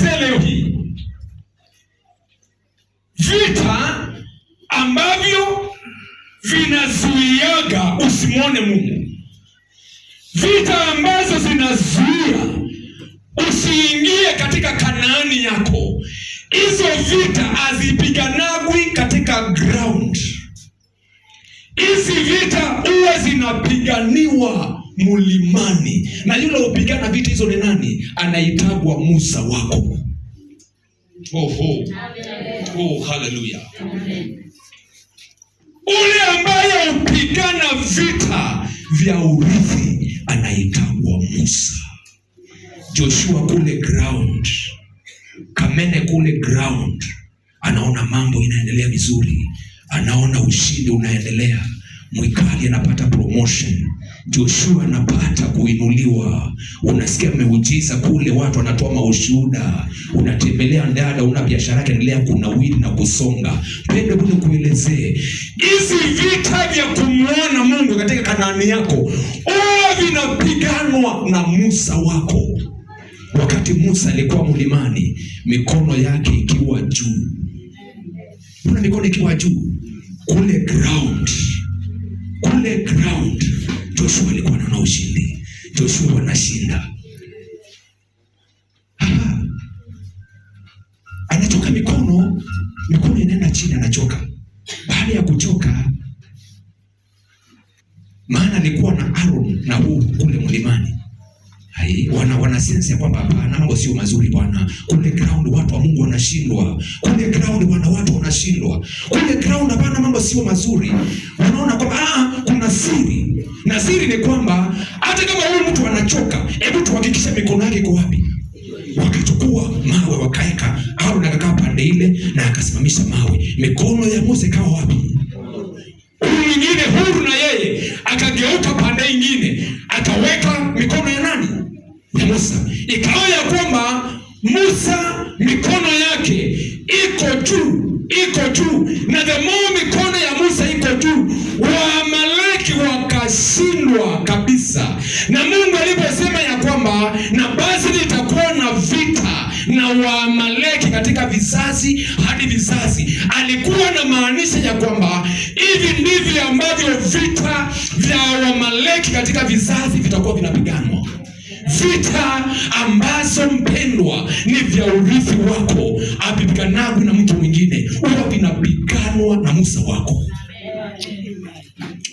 nielezee leo hii vita ambavyo vinazuiaga usimwone Mungu, vita ambazo zinazuia usiingie katika Kanaani yako. Hizo vita hazipiganagwi katika ground, hizi vita huwa zinapiganiwa mlimani, na yule upigana vita hizo ni nani? Anaitagwa Musa wako. Oh, haleluya! Ule ambaye upigana vita vya urithi anaitagwa Musa. Joshua kule ground, Kamene kule ground, anaona mambo inaendelea vizuri, anaona ushindi unaendelea, Mwikali anapata promotion Joshua anapata kuinuliwa. Unasikia miujiza kule, watu wanatoa maushuhuda, unatembelea ndada, una biashara yake, endelea kunawiri na kusonga. Pende kule kuelezee hizi vita vya kumwona Mungu katika Kanaani yako, oh, vinapiganwa na Musa wako. Wakati Musa alikuwa mlimani, mikono yake ikiwa juu, una mikono ikiwa juu kule ground maana alikuwa na Aaron na huu kule mlimani wana, wana sense ya kwamba hapana, mambo sio mazuri bwana. Kule ground watu wa Mungu wanashindwa, kule ground wana watu wanashindwa, kule ground hapana, mambo sio mazuri. Wanaona kwamba ah, kuna siri, na siri ni kwamba hata kama huyu mtu anachoka, hebu tuhakikishe mikono yake iko wapi. Wakachukua mawe wakaeka, au nakakaa pande ile na akasimamisha mawe, mikono ya Musa ikawa wapi? Musa mikono yake iko juu, iko juu, na the more mikono ya Musa iko juu, Waamaleki wakashindwa kabisa. Na Mungu aliposema ya kwamba na basi nitakuwa na vita na Waamaleki katika vizazi hadi vizazi, alikuwa na maanisha ya kwamba hivi ndivyo ambavyo vita vya Waamaleki katika vizazi vitakuwa vinapiganwa vita ambazo mpendwa, ni vya urithi wako, avipiganagwi na mtu mwingine, huwa vinapiganwa na Musa wako.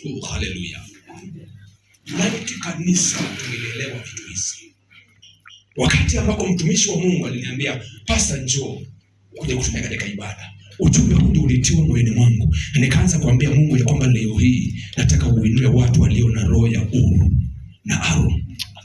Oh, haleluya! Laiti kanisa tulielewa vitu hizi. Wakati ambako mtumishi wa Mungu aliniambia pasa njoo kuja kutumia katika ibada ujumbe huu ulitiwa moyoni mwangu, nikaanza kuambia Mungu ya kwamba leo hii nataka uinue watu walio na roho ya uru na aru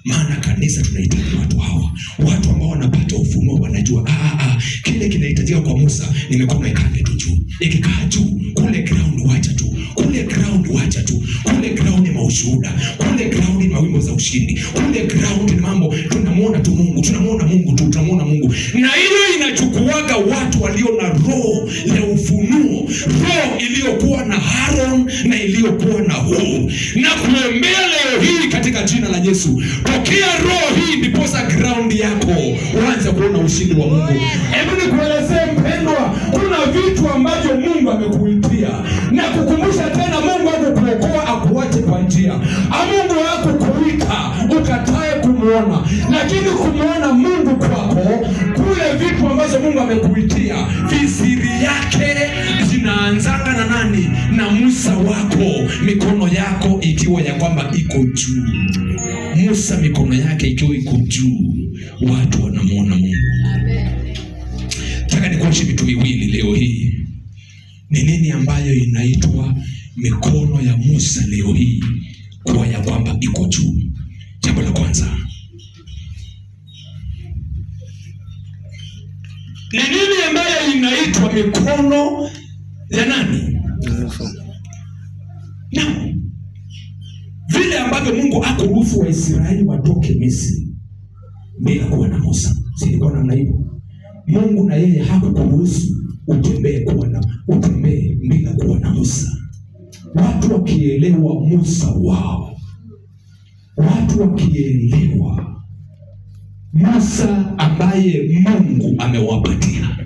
maana kanisa tunahitaji watu hawa, watu ambao wanapata ufunuo, wanajua ah, ah, ah kile kinahitajika kwa Musa. mikono nakaa tu juu, ikikaa juu kule ground, wacha tu kule ground, wacha tu kule ground, ni maushuhuda kule ground, ni mawimbo za ushindi kule ground, ni mambo tunamwona tu Mungu, tunamwona Mungu tu, tunamwona Mungu, na hiyo inachukuaga watu walio na roho ya ufunuo nguo iliyokuwa na Haron na iliyokuwa na Hur, na kuombea leo hii katika jina la Yesu. Pokea roho hii, ndiposa ground yako uanze kuona ushindi wa Mungu. Hebu nikuelezee mpendwa, kuna vitu ambavyo Mungu amekuitia na kukumbusha tena, Mungu akukuokoa akuache kwa njia, Mungu akukuita ukata kumwona, lakini kumwona Mungu kwako kule, vitu ambazo Mungu amekuitia visiri yake zinaanzanga na nani? Na Musa wako, mikono yako ikiwa ya kwamba iko juu. Musa mikono yake ikiwa iko juu, watu wanamwona Mungu. taka nikuonyeshe vitu viwili leo hii. Ni nini ambayo inaitwa mikono ya Musa leo hii kuwa ya kwamba iko juu? Jambo la kwanza Ni nini ambayo inaitwa mikono ya nani? na vile ambavyo Mungu akuruhusu Waisraeli watoke Misri bila kuwa na Musa, silikuwa namna hiyo. Mungu na yeye hakukuruhusu utembee kuwa na utembee bila kuwa na Musa. Watu wakielewa Musa wao, watu wakielewa Musa ambaye Mungu amewapatia.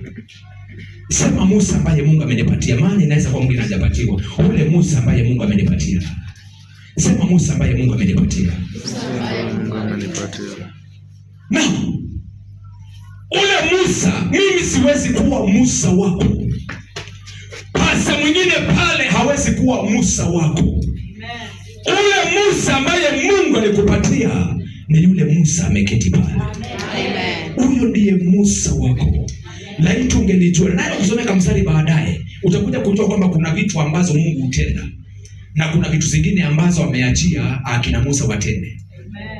Sema Musa ambaye Mungu amenipatia, maana inaweza kuwa mwingine hajapatiwa. Ule Musa ambaye Mungu amenipatia. Sema Musa ambaye Mungu amenipatia. Na ule Musa, mimi siwezi kuwa Musa wako. Pasa mwingine pale hawezi kuwa Musa wako. Ule Musa ambaye Mungu alikupatia ni yule Musa ameketi pale. Huyo ndiye Musa wako. Laiti ungelijua naye, usome kamsari baadaye, utakuja kujua kwamba kuna vitu ambazo Mungu hutenda na kuna vitu zingine ambazo ameachia akina Musa watende.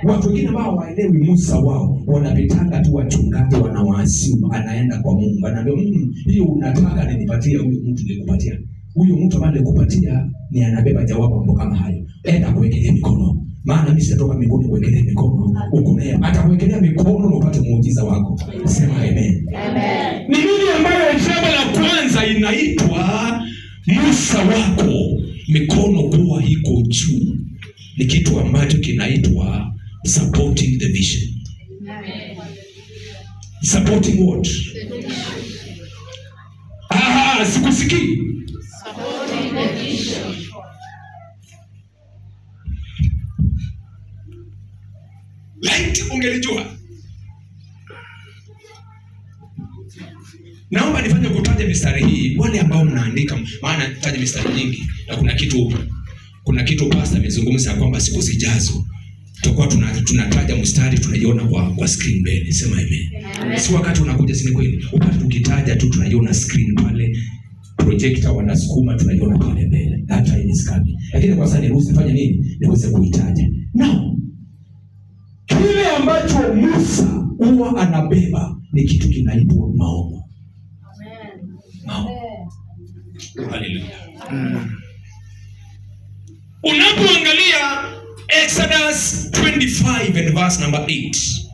Watu wengine ambao waelewi Musa wao wanapitanga tu wachungaji wanawaasiu, anaenda kwa Mungu anaambia Mungu, mm, hiyo unataka ninipatie huyo mtu nilikupatia. Huyo mtu ambaye nilikupatia ni anabeba jawabu mambo kama hayo, enda kuwekelea mikono maana mimi sitatoka mbinguni kuwekelea mikono huko, ukuneya, atakuwekelea mikono na upate muujiza wako. Sema amen. Amen. Ni nini ambayo jambo la kwanza inaitwa Musa wako mikono kuwa iko juu, ni kitu ambacho kinaitwa supporting the vision. Amen. Supporting what? Aha, sikusikii laiti ungelijua. Naomba nifanye kutaja mistari hii, wale ambao mnaandika, maana taja mistari nyingi, na kuna kitu kuna kitu pasta amezungumza kwamba siku zijazo tutakuwa tunataja mstari tunaiona kwa kwa screen mbele. Sema amen. Si wakati unakuja, si kweli? Wakati ukitaja tu tunaiona screen pale, projector wanasukuma, tunaiona pale mbele. Hata hii ni screen, lakini kwa sasa niruhusu fanya nini, niweze kuitaja now ambacho Musa huwa anabeba ni kitu kinaitwa maono. Haleluya. Mm. Unapoangalia Exodus 25 and verse number 8.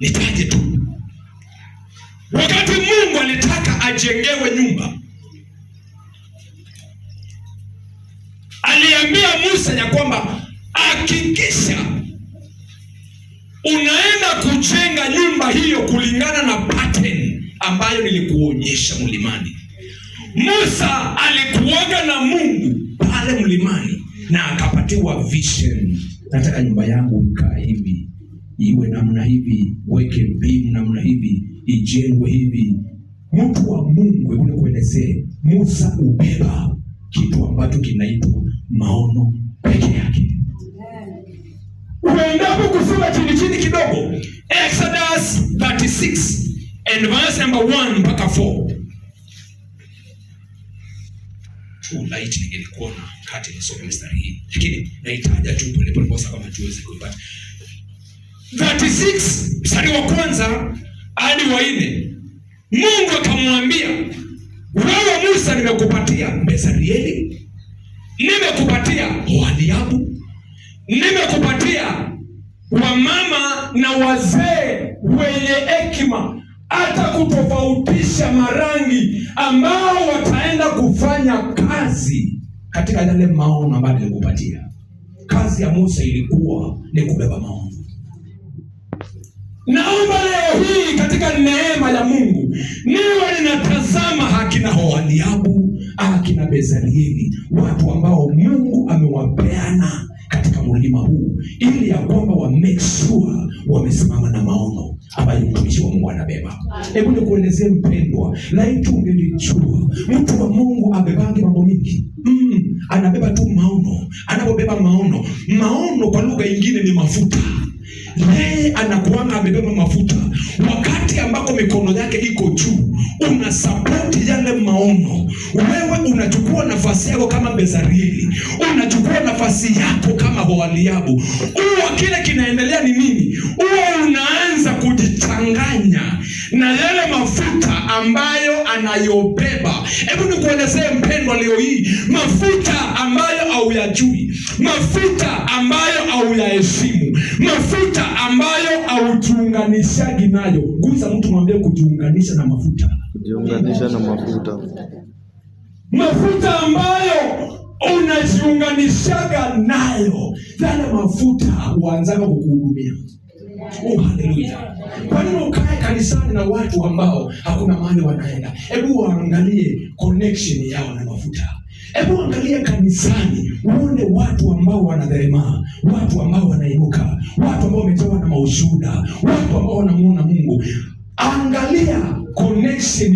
Nitaje tu wakati Mungu alitaka ajengewe nyumba aliambia Musa ya kujenga nyumba hiyo kulingana na pattern ambayo nilikuonyesha mlimani. Musa alikuoga na Mungu pale mlimani na akapatiwa vision, nataka nyumba yangu ikae hivi, iwe namna hivi, weke mbimu namna hivi, ijengwe hivi. Mtu wa Mungu, hebu nikuelezee, Musa ubeba kitu ambacho kinaitwa maono peke yake. Uendapo kusoma chini chini kidogo Exodus 36 and verse number 1 mpaka 4. Tu light ningelikuwa na kati ya mstari hii. Lakini tu pole pole kwa sababu hatuwezi kuipata. 36 mstari wa kwanza hadi wa 4. Mungu akamwambia, "Wewe Musa nimekupatia Bezalieli, nimekupatia Oholiabu, nimekupatia wamama na wazee wenye hekima hata kutofautisha marangi ambao wataenda kufanya kazi katika yale maono ambayo nilikupatia. Kazi ya Musa ilikuwa ni kubeba maono. Naomba leo hii katika neema ya Mungu niwe ninatazama akina Oholiabu, akina Bezalieli, watu ambao Mungu amewapeana katika mlima huu, ili ya kwamba wa make sure wamesimama na maono ambayo mtumishi wa Mungu anabeba. Hebu nikuelezee mpendwa, laiti ungelijua mtu wa Mungu abebange mambo mingi mm anabeba tu maono. Anapobeba maono, maono kwa lugha ingine ni mafuta. Yeye anakuanga amebeba mafuta. Wakati ambako mikono yake iko juu, unasapoti yale maono. Wewe unachukua nafasi yako kama Bezarieli, unachukua nafasi yako kama Boaliabu. Uwa kile kinaendelea ni nini? Uwa unaanza kuja na yale mafuta ambayo anayobeba. Hebu nikuelezee mpendwa, leo hii mafuta ambayo hauyajui, mafuta ambayo hauyaheshimu, mafuta ambayo haujiunganishaji nayo. Gusa mtu mwambie, kujiunganisha na mafuta, kujiunganisha na mafuta, mafuta ambayo unajiunganishaga nayo, yale mafuta huanzaga kukuhudumia. Oh, haleluya! Kwa nini ukae kanisani na watu ambao hakuna mahali wanaenda? Hebu waangalie connection yao na mafuta. Hebu angalia kanisani uone watu ambao wanadheremaa, watu ambao wanainuka, watu ambao wamejawa na maushuhuda, watu ambao wanamuona Mungu. Angalia connection